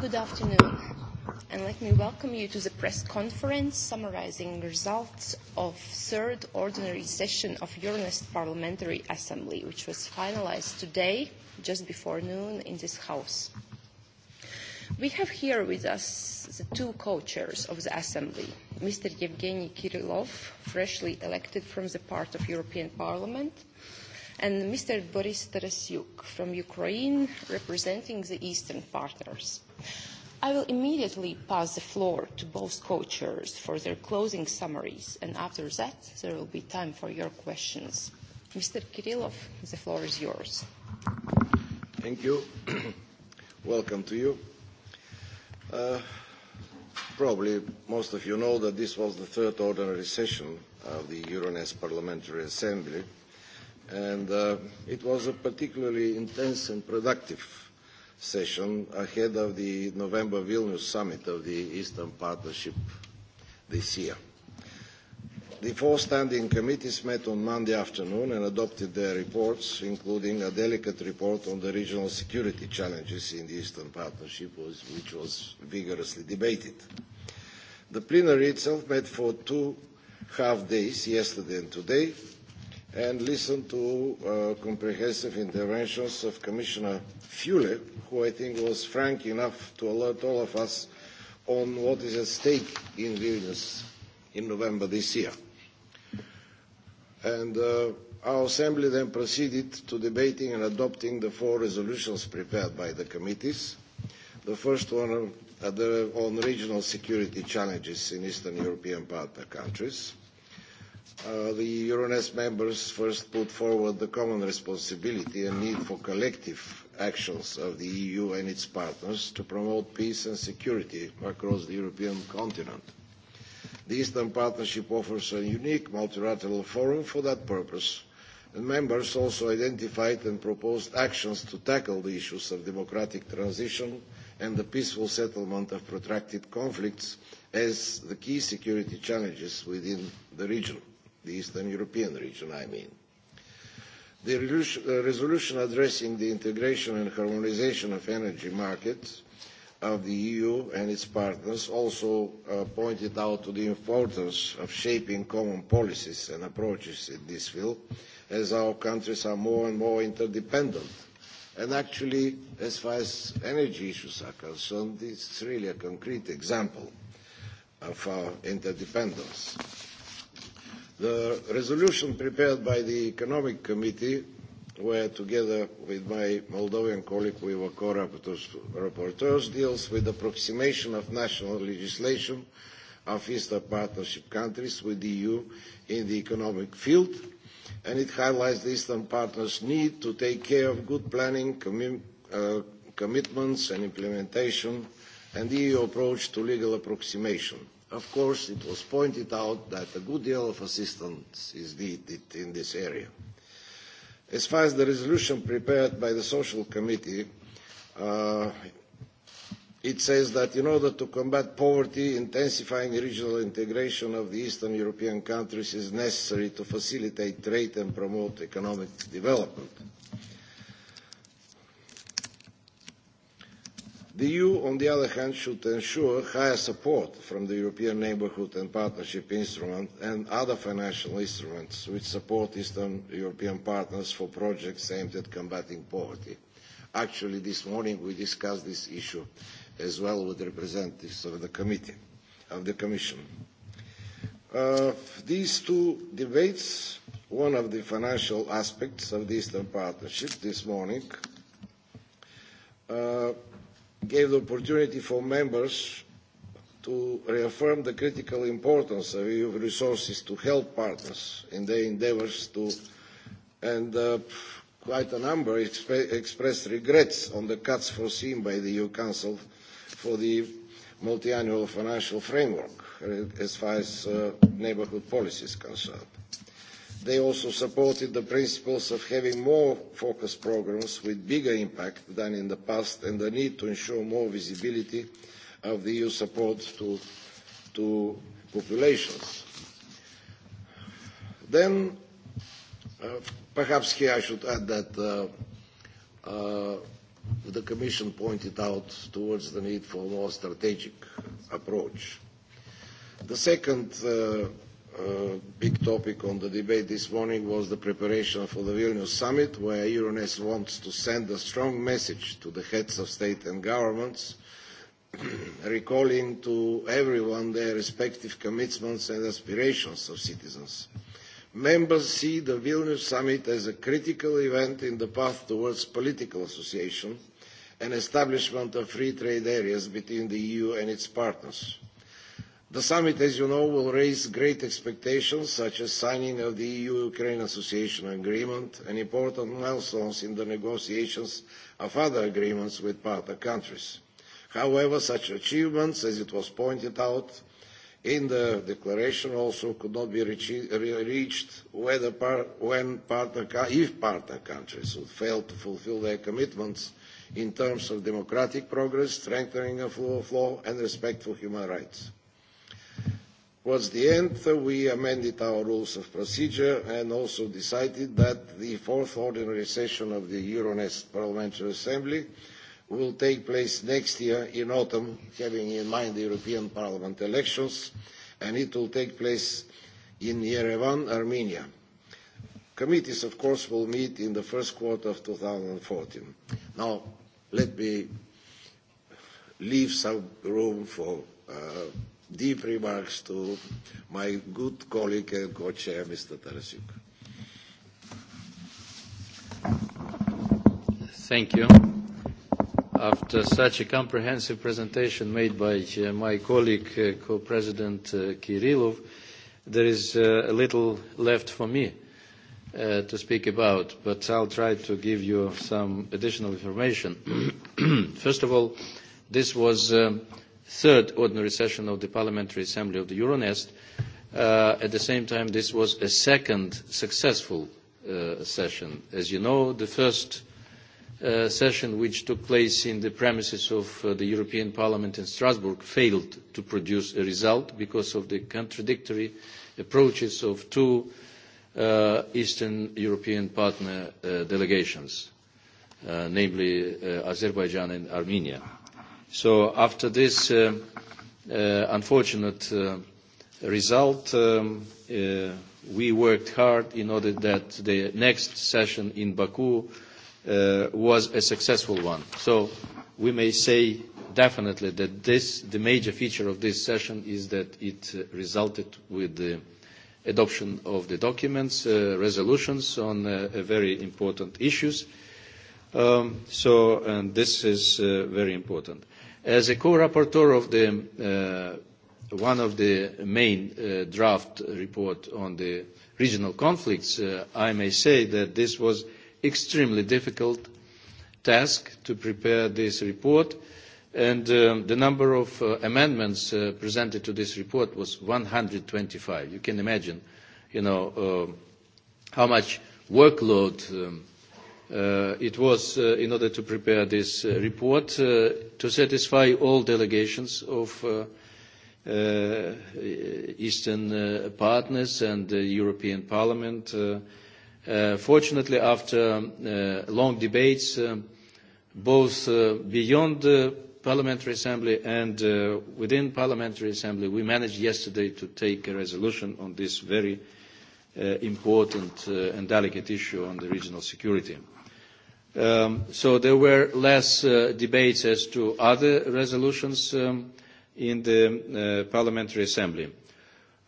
Good afternoon, and let me welcome you to the press conference summarizing results of third ordinary session of Euronest Parliamentary Assembly, which was finalized today, just before noon, in this House. We have here with us the two co-chairs of the Assembly, Mr. Yevgeny Kirillov, freshly elected from the part of European Parliament, and Mr. Boris Tarasyuk from Ukraine, representing the Eastern Partners. I will immediately pass the floor to both co-chairs for their closing summaries, and after that there will be time for your questions. Mr. Kirillov, the floor is yours. Thank you. Welcome to you. Probably most of you know that this was the third ordinary session of the Euronest Parliamentary Assembly, and it was a particularly intense and productive session ahead of the November Vilnius summit of the Eastern Partnership this year. The four standing committees met on Monday afternoon and adopted their reports, including a delicate report on the regional security challenges in the Eastern Partnership, which was vigorously debated. The plenary itself met for two half days, yesterday and today, and listen to comprehensive interventions of Commissioner Fule, who I think was frank enough to alert all of us on what is at stake in Vilnius in November this year. And our Assembly then proceeded to debating and adopting the four resolutions prepared by the committees. The first one on regional security challenges in Eastern European partner countries the Euronest members first put forward the common responsibility and need for collective actions of the EU and its partners to promote peace and security across the European continent. The Eastern Partnership offers a unique multilateral forum for that purpose, and members also identified and proposed actions to tackle the issues of democratic transition and the peaceful settlement of protracted conflicts as the key security challenges within the region the Eastern European region, I mean. The resolution addressing the integration and harmonisation of energy markets of the EU and its partners also pointed out to the importance of shaping common policies and approaches in this field, as our countries are more and more interdependent. And actually, as far as energy issues are concerned, this is really a concrete example of our interdependence. The resolution prepared by the Economic Committee, where together with my Moldovan colleague we were co-rapporteurs, deals with the approximation of national legislation of Eastern Partnership countries with the EU in the economic field, and it highlights the Eastern Partners' need to take care of good planning, commitments and implementation and the EU approach to legal approximation. Of course, it was pointed out that a good deal of assistance is needed in this area. As far as the resolution prepared by the Social Committee, it says that in order to combat poverty, intensifying regional integration of the Eastern European countries is necessary to facilitate trade and promote economic development. The EU, on the other hand, should ensure higher support from the European Neighbourhood and Partnership Instrument and other financial instruments which support Eastern European partners for projects aimed at combating poverty. Actually, this morning we discussed this issue as well with representatives of the committee, of the Commission. These two debates, one of the financial aspects of the Eastern Partnership this morning, gave the opportunity for members to reaffirm the critical importance of EU resources to help partners in their endeavours to and quite a number expressed regrets on the cuts foreseen by the EU Council for the multiannual financial framework as far as neighbourhood policy is concerned. They also supported the principles of having more focused programmes with bigger impact than in the past and the need to ensure more visibility of the EU support to populations. Then, perhaps here I should add that the Commission pointed out towards the need for a more strategic approach. The second big topic on the debate this morning was the preparation for the Vilnius summit, where Euronest wants to send a strong message to the heads of state and governments, recalling to everyone their respective commitments and aspirations of citizens. Members see the Vilnius summit as a critical event in the path towards political association and establishment of free trade areas between the EU and its partners. The summit, as you know, will raise great expectations, such as signing of the EU-Ukraine Association Agreement and important milestones in the negotiations of other agreements with partner countries. However, such achievements, as it was pointed out in the declaration, also could not be reached when if partner countries would fail to fulfil their commitments in terms of democratic progress, strengthening of rule of law, and respect for human rights. Towards the end, we amended our rules of procedure and also decided that the fourth ordinary session of the Euronest Parliamentary Assembly will take place next year in autumn, having in mind the European Parliament elections, and it will take place in Yerevan, Armenia. Committees, of course, will meet in the first quarter of 2014. Now, let me leave some room for deep remarks to my good colleague and co-chair, Mr. Tarasuk. Thank you. After such a comprehensive presentation made by my colleague, co-president Kirilov, there is a little left for me to speak about, but I'll try to give you some additional information. First of all, this was third ordinary session of the Parliamentary Assembly of the Euronest. At the same time, this was a second successful session. As you know, the first session, which took place in the premises of the European Parliament in Strasbourg, failed to produce a result because of the contradictory approaches of two Eastern European partner delegations, namely Azerbaijan and Armenia So after this unfortunate result, we worked hard in order that the next session in Baku was a successful one. So we may say definitely that this, the major feature of this session is that it resulted with the adoption of the documents, resolutions on very important issues. So, and this is very important. As a co-rapporteur of the one of the main draft report on the regional conflicts, I may say that this was an extremely difficult task to prepare this report, and the number of amendments presented to this report was 125. You can imagine, how much workload It was in order to prepare this report to satisfy all delegations of Eastern partners and the European Parliament. Fortunately, after long debates, both beyond the Parliamentary Assembly and within Parliamentary Assembly, we managed yesterday to take a resolution on this very important and delicate issue on the regional security. So there were less debates as to other resolutions in the Parliamentary Assembly.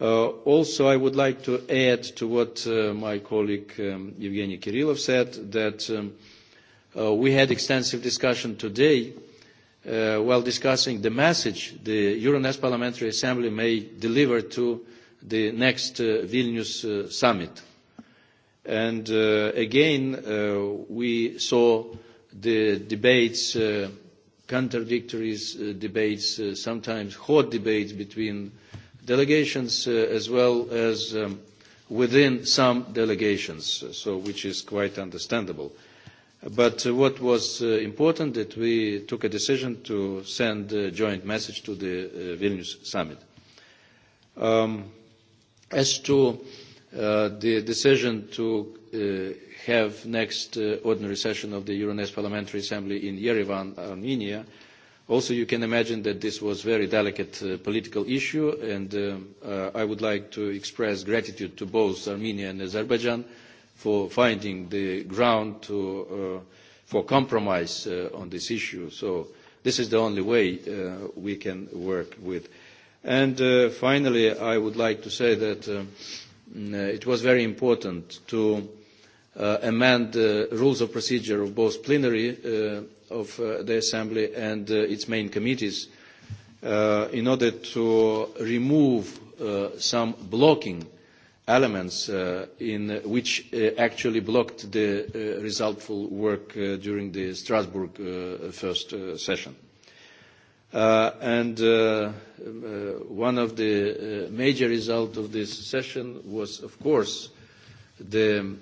Also, I would like to add to what my colleague Evgeny Kirilov said, that we had extensive discussion today while discussing the message the Euronest Parliamentary Assembly may deliver to the next Vilnius summit. And again, we saw the debates, contradictory debates, sometimes hot debates between delegations as well as within some delegations, so which is quite understandable. But what was important that we took a decision to send a joint message to the Vilnius summit. As to the decision to have next ordinary session of the Euronest Parliamentary Assembly in Yerevan, Armenia. Also, you can imagine that this was a very delicate political issue, and I would like to express gratitude to both Armenia and Azerbaijan for finding the ground for compromise on this issue. So this is the only way we can work with. And finally, I would like to say that it was very important to amend the rules of procedure of both plenary of the Assembly and its main committees in order to remove some blocking elements which actually blocked the resultful work during the Strasbourg first session. And one of the major results of this session was, of course, the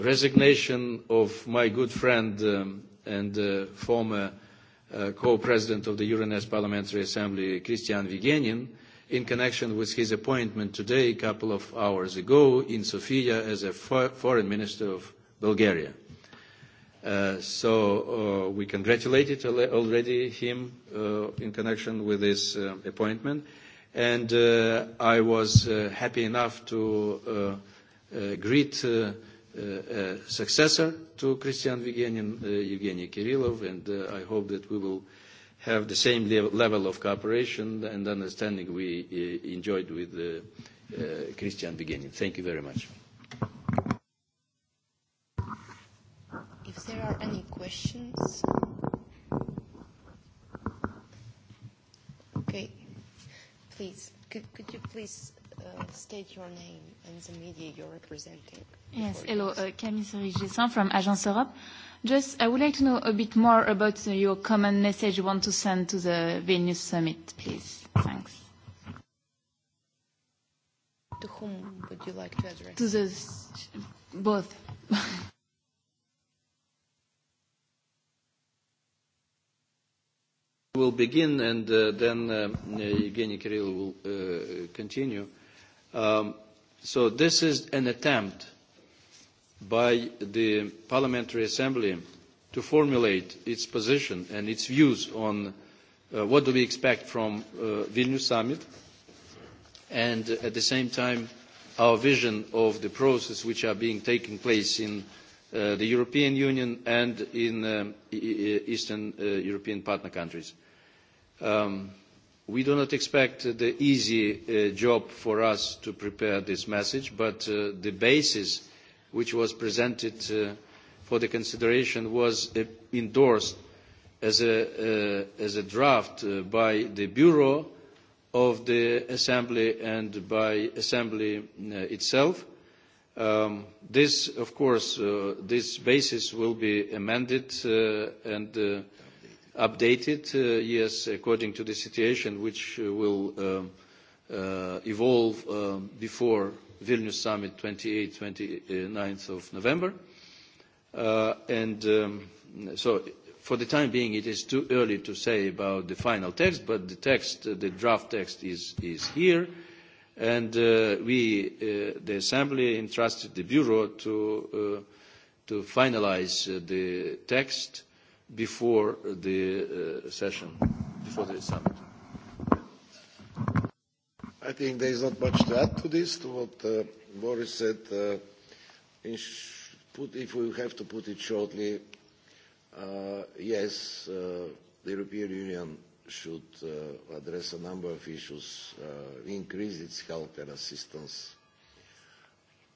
resignation of my good friend and former co-president of the Euronest Parliamentary Assembly, Christian Vigenin, in connection with his appointment today, a couple of hours ago, in Sofia as a foreign minister of Bulgaria. So we congratulated already him in connection with this appointment. And I was happy enough to greet a successor to Christian Vigenin, Evgeny Kirillov, and I hope that we will have the same level of cooperation and understanding we enjoyed with Christian Vigenin. Thank you very much. there are any questions. Okay. Please, could, you please state your name and the media you're representing? Yes, hello, Camille Cerisier from Agence Europe. Just, I would like to know a bit more about your common message you want to send to the Vilnius summit, please. Thanks. To whom would you like to address? To the both. will begin, and then Evgeny Kirill will continue. So this is an attempt by the Parliamentary Assembly to formulate its position and its views on what do we expect from Vilnius Summit, and at the same time our vision of the process which are being taking place in the European Union and in Eastern European partner countries. We do not expect the easy job for us to prepare this message, but the basis which was presented for the consideration was endorsed as a draft by the Bureau of the Assembly and by Assembly itself. This, of course, this basis will be amended and updated, yes, according to the situation, which will evolve before Vilnius Summit 28, 29th of November. And so for the time being, it is too early to say about the final text, but the text, the draft text is here. And we, the Assembly, entrusted the Bureau to finalize the text before the session, before the summit. I think there is not much to add to this, to what Boris said. If we have to put it shortly, yes, the European Union should address a number of issues, increase its health and assistance.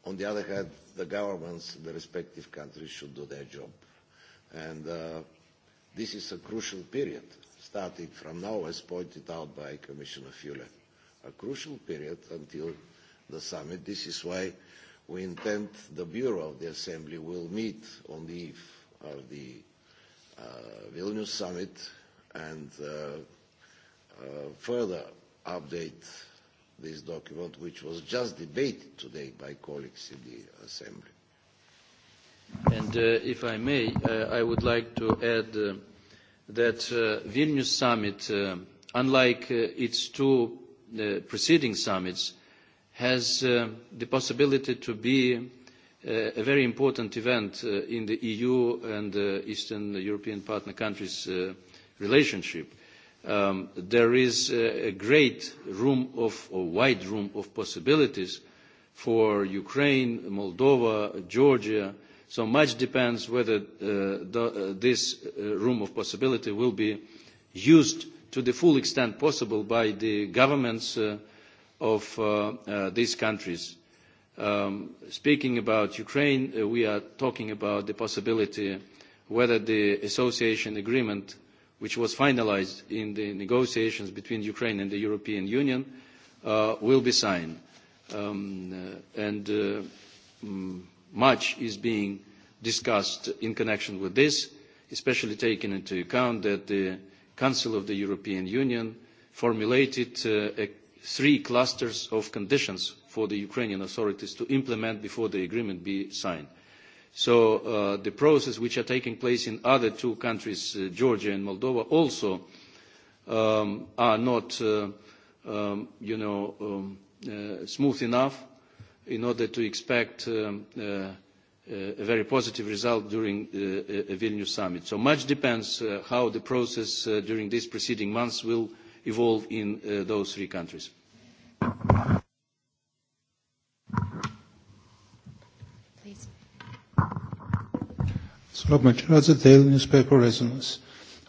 On the other hand, the governments in the respective countries should do their job. And This is a crucial period, starting from now, as pointed out by Commissioner Fule, a crucial period until the summit. This is why we intend the Bureau of the Assembly will meet on the eve of the Vilnius summit and further update this document, which was just debated today by colleagues in the Assembly. And if I may, I would like to add that Vilnius summit, unlike its two preceding summits, has the possibility to be a very important event in the EU and Eastern European partner countries' relationship. There is a great room of, or wide room of possibilities for Ukraine, Moldova, Georgia, So much depends whether this room of possibility will be used to the full extent possible by the governments of these countries. Speaking about Ukraine, we are talking about the possibility whether the association agreement, which was finalized in the negotiations between Ukraine and the European Union, will be signed. And much is being discussed in connection with this, especially taking into account that the Council of the European Union formulated three clusters of conditions for the Ukrainian authorities to implement before the agreement be signed. So the process which are taking place in other two countries, Georgia and Moldova, also are not, you know, smooth enough in order to expect a very positive result during the Vilnius summit. So much depends on how the process during these preceding months will evolve in those three countries. Newspaper Resonance.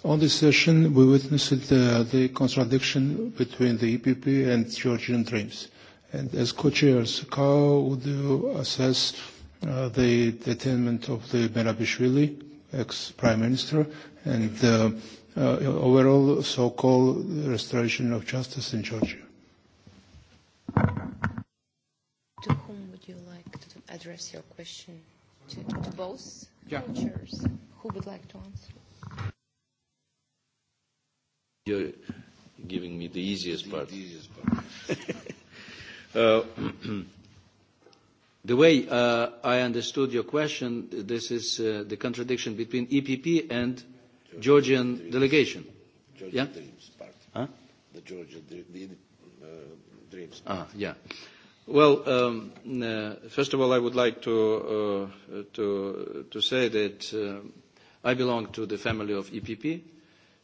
On this session, we witnessed the contradiction between the EPP and Georgian dreams and as co-chairs, how would you assess the detainment of the Benabishvili, ex-prime minister, and the overall so-called restoration of justice in Georgia? To whom would you like to address your question? To both co-chairs? Who would like to answer? You're giving me the easiest part. The way I understood your question, this is the contradiction between EPP and Georgian delegation. Georgian Dreams Party. The Georgian Dreams part. Yeah. Well, first of all, I would like to say that I belong to the family of EPP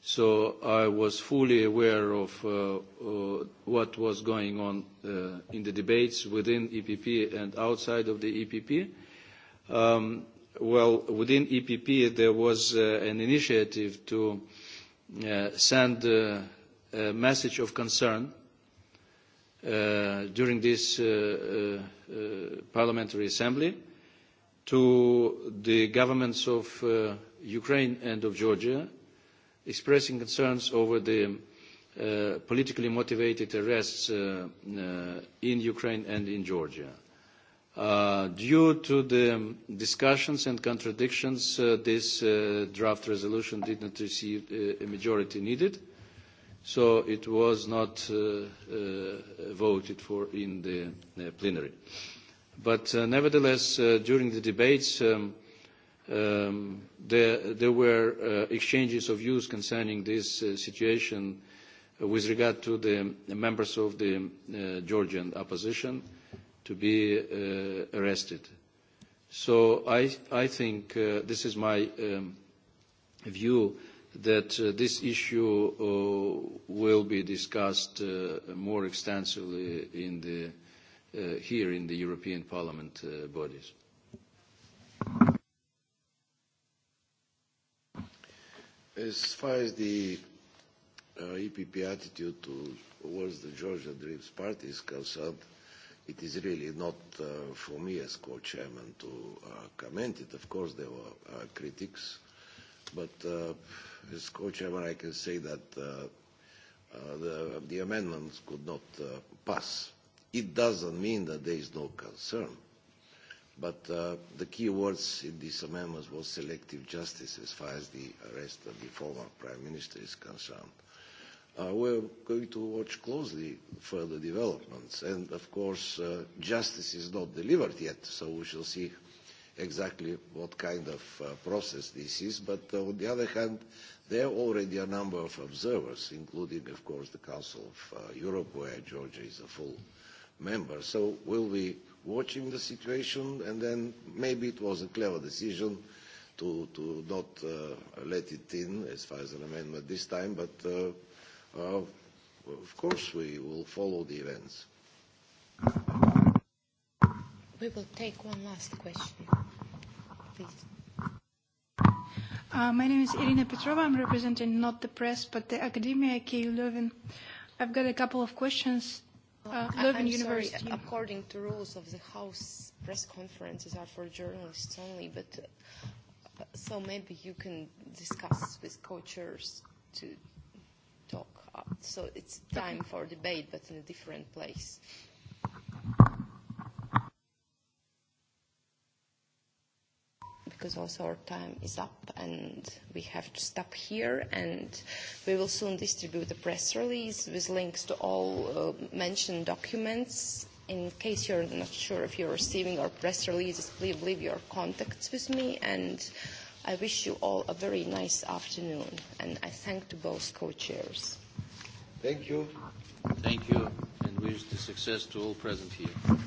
So I was fully aware of what was going on in the debates within EPP and outside of the EPP. Well, within EPP there was an initiative to send a message of concern during this Parliamentary Assembly to the governments of Ukraine and of Georgia expressing concerns over the politically motivated arrests in Ukraine and in Georgia. Due to the discussions and contradictions, this draft resolution did not receive a majority needed, so it was not voted for in the plenary. But nevertheless, during the debates, There were exchanges of views concerning this situation with regard to the members of the Georgian opposition to be arrested. So I think this is my view that this issue will be discussed more extensively here in the European Parliament bodies. As far as the EPP attitude towards the Georgia Dreams Party is concerned, it is really not for me as co-chairman to comment it. Of course, there were critics, but as co-chairman, I can say that the amendments could not pass. It doesn't mean that there is no concern. But the key words in these amendments was selective justice as far as the arrest of the former prime minister is concerned. We're going to watch closely further developments. And, of course, justice is not delivered yet, so we shall see exactly what kind of process this is. But, on the other hand, there are already a number of observers, including, of course, the Council of Europe, where Georgia is a full member. So will we watching the situation, and then maybe it was a clever decision to to not let it in as far as an amendment this time, but of course we will follow the events. We will take one last question. Please. My name is Irina Petrova. I'm representing not the press, but the Academia KU Leuven. I've got a couple of questions University. According to rules of the House, press conferences are for journalists only, but so maybe you can discuss with co-chairs to talk. So it's time for debate, but in a different place. because also our time is up and we have to stop here and we will soon distribute the press release with links to all mentioned documents. In case you're not sure if you're receiving our press releases, please leave your contacts with me and I wish you all a very nice afternoon and I thank to both co-chairs. Thank you. Thank you and wish the success to all present here.